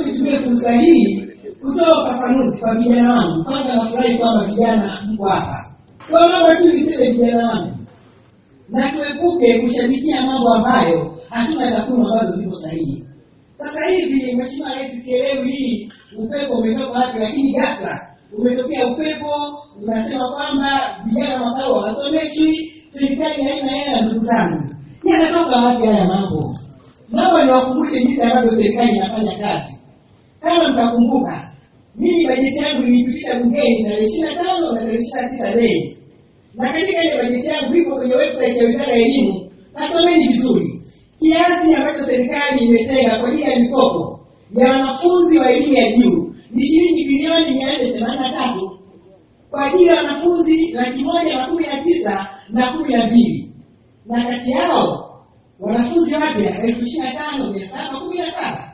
hatuwezi kutumia fursa hii kutoa ufafanuzi kwa vijana wangu. Kwanza nafurahi kwamba vijana mko hapa, kwa mambo tu niseme vijana wangu, na tuepuke kushabikia mambo ambayo hatuna takwimu ambazo ziko sahihi. Sasa hivi Mheshimiwa Rais, sielewi hii upepo umetoka wapi, lakini ghafla umetokea upepo unasema kwamba vijana wakao hawasomeshwi, serikali haina hela. Ndugu zangu, yanatoka wapi haya mambo? Naomba niwakumbushe jinsi ambavyo serikali inafanya kazi kama mtakumbuka mimi bajeti yangu nilipitisha bungeni tarehe ishirini na tano na tarehe ishirini na tisa Mei, na katika ile bajeti yangu ipo kwenye website ya wizara ya elimu. Nasomeni vizuri kiasi ambacho serikali imetenga kwa ajili ya mikopo ya wanafunzi wa elimu ya juu ni shilingi bilioni mia nne themanini na tatu kwa ajili ya wanafunzi laki moja na kumi na tisa na kumi na mbili na kati yao wanafunzi wapya elfu ishirini na tano mia saba kumi na saba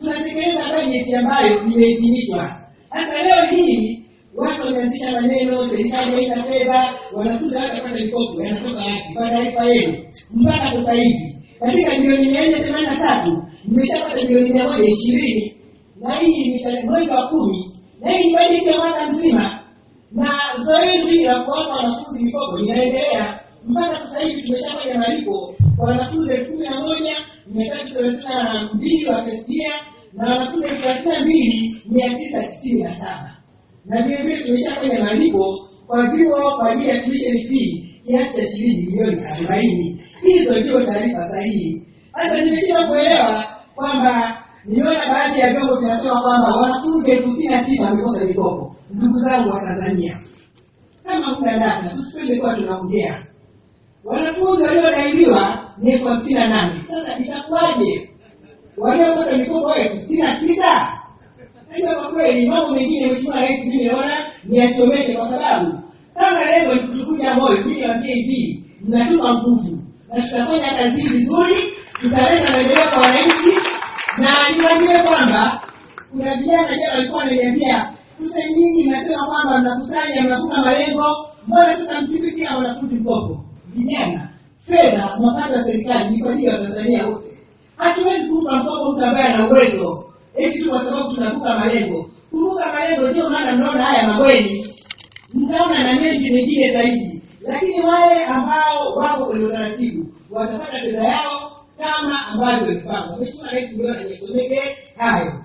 tunatekeleza bajeti ambayo imeidhinishwa. hata leo hii watu wameanzisha maneno, serikali haina fedha, wanafunzi hawatapata mikopo. Yanatoka wapi? Kwa taarifa yenu, mpaka sasa hivi katika milioni mia nne themanini na tatu imeshapata milioni mia moja ishirini na hii ni mwezi wa kumi, na hii ni bajeti ya mwaka mzima, na zoezi la kuwapa wanafunzi mikopo linaendelea mpaka sasa hivi. Tumeshafanya malipo kwa wanafunzi elfu kumi na moja thelathini na mbili wa Festia na wanafunzi elfu thelathini na mbili mia tisa sitini na saba na vile vile tumeshafanya malipo kwa vyuo kwa ajili ya tuition fee kiasi cha shilingi milioni arobaini. Hizo ndio taarifa sahihi. Sasa nimeshinda kuelewa kwamba nimeona baadhi ya vyombo vinasema kwamba wanafunzi elfu sitini na sita wamekosa mikopo. Ndugu zangu wa Tanzania, kama kuna data tusipende kuwa tunaongea. Wanafunzi waliodaiwa ni elfu hamsini na nane waliopata mikopo elfu sitini na sita Sasa kwa kweli mambo mengine Mheshimiwa Rais, mimi naona niyasomeke, kwa sababu kama lengo ni kutukuja moyo, mimi niwaambie hivi, mnatuma nguvu na tutafanya kazi vizuri, tutaleta maendeleo kwa wananchi. Na niwaambie kwamba kuna vijana jana walikuwa wananiambia, sasa nyinyi mnasema kwamba mnakusanya, mnavuka malengo, mbona sasa mtipi kila wanafunzi mkopo? Vijana, fedha mapato ya serikali ni kwa ajili ya Watanzania wote Hatuwezi kumpa mkopo mtu ambaye ana uwezo eti kwa sababu tunavuka malengo. Kuvuka malengo ndio maana mnaona haya mabweni, mtaona na mengi mengine zaidi, lakini wale ambao wako kwenye utaratibu watapata fedha yao kama ambavyo imepangwa. Mheshimiwa Rais Mgwara nimesomeke hayo.